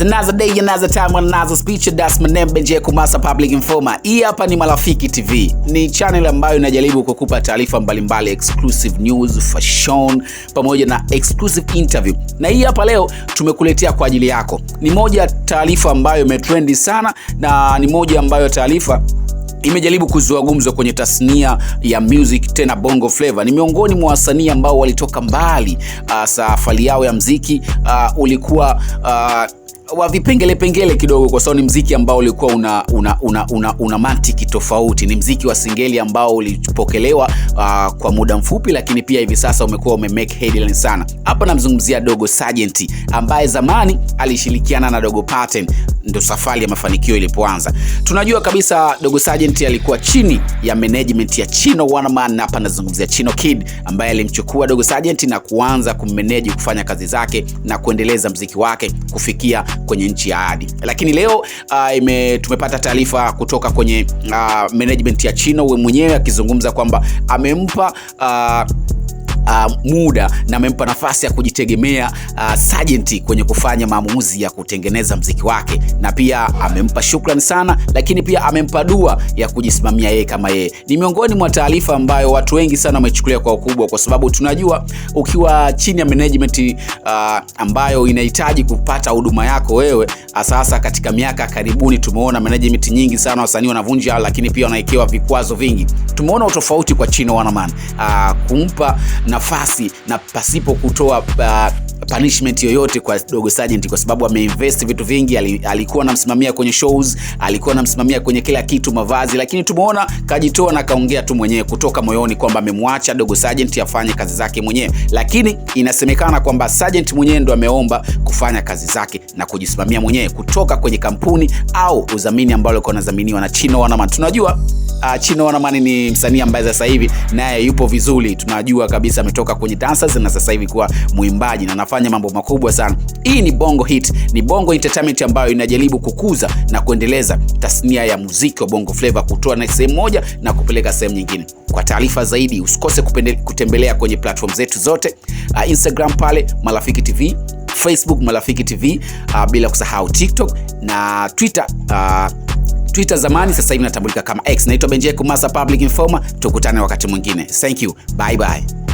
It's another day, another time, another speech. my name, Benji Kumasa Public Informer. Hii hapa ni Marafiki TV. Ni channel ambayo inajaribu kukupa taarifa mbalimbali, exclusive news, fashion pamoja na exclusive interview. Na hii hapa leo tumekuletea kwa ajili yako. Ni moja taarifa ambayo imetrendi sana na ni moja ambayo taarifa imejaribu kuzua gumzo kwenye tasnia ya music, tena bongo flava. Ni miongoni mwa wasanii ambao walitoka mbali. Uh, safari yao ya mziki uh, ulikuwa uh, wa vipengele pengele kidogo, kwa sababu ni mziki ambao ulikuwa una, una, una, una, una mantiki tofauti. Ni mziki wa singeli ambao ulipokelewa uh, kwa muda mfupi, lakini pia hivi sasa umekuwa ume make headline sana. Hapa namzungumzia Dogo Sergeant ambaye zamani alishirikiana na Dogo Pattern, ndo safari ya mafanikio ilipoanza. Tunajua kabisa Dogo Sergeant alikuwa chini ya management ya Chino One Man, hapa nazungumzia Chino Kid ambaye alimchukua Dogo Sergeant na kuanza kummanage kufanya kazi zake na kuendeleza mziki wake kufikia kwenye nchi ya ahadi. Lakini leo uh, ime, tumepata taarifa kutoka kwenye uh, management ya Chino, we mwenyewe akizungumza kwamba amempa uh, uh, muda na amempa nafasi ya kujitegemea uh, Sajenti kwenye kufanya maamuzi ya kutengeneza mziki wake, na pia amempa shukrani sana, lakini pia amempa dua ya kujisimamia yeye kama yeye. Ni miongoni mwa taarifa ambayo watu wengi sana wamechukulia kwa ukubwa, kwa sababu tunajua ukiwa chini ya management uh, ambayo inahitaji kupata huduma yako wewe. Uh, sasa katika miaka karibuni tumeona management nyingi sana wasanii wanavunja, lakini pia wanawekewa vikwazo vingi. Tumeona utofauti kwa Chino Wanaman uh, kumpa na nafasi na pasipo kutoa uh, punishment yoyote kwa Dogo Sergeant kwa sababu ameinvest vitu vingi. Alikuwa anamsimamia kwenye shows, alikuwa anamsimamia kwenye kila kitu, mavazi, lakini tumeona kajitoa na kaongea tu mwenyewe kutoka moyoni kwamba amemwacha Dogo Sergeant afanye kazi zake mwenyewe, lakini inasemekana kwamba Sergeant mwenyewe ndo ameomba kufanya kazi zake na kujisimamia mwenyewe kutoka kwenye kampuni au udhamini ambao alikuwa anadhaminiwa na Chino Wanaman. Tunajua uh, Chino Wanamani ni msanii ambaye sasa hivi naye yupo vizuri, tunajua kabisa ametoka kwenye dancers na sasa hivi kuwa mwimbaji na anafanya mambo makubwa sana. Hii ni Bongo Hit, ni Bongo Entertainment ambayo inajaribu kukuza na kuendeleza tasnia ya muziki wa Bongo Flava, kutoa na sehemu moja na kupeleka sehemu nyingine. Kwa taarifa zaidi usikose kutembelea kwenye platform zetu zote, uh, Instagram pale Marafiki TV, Facebook Marafiki TV, uh, ah, bila kusahau TikTok na Twitter uh, Twitter zamani, sasa hivi natambulika kama X. Naitwa Benjie Kumasa, Public Informer. Tukutane wakati mwingine. Thank you. Bye bye.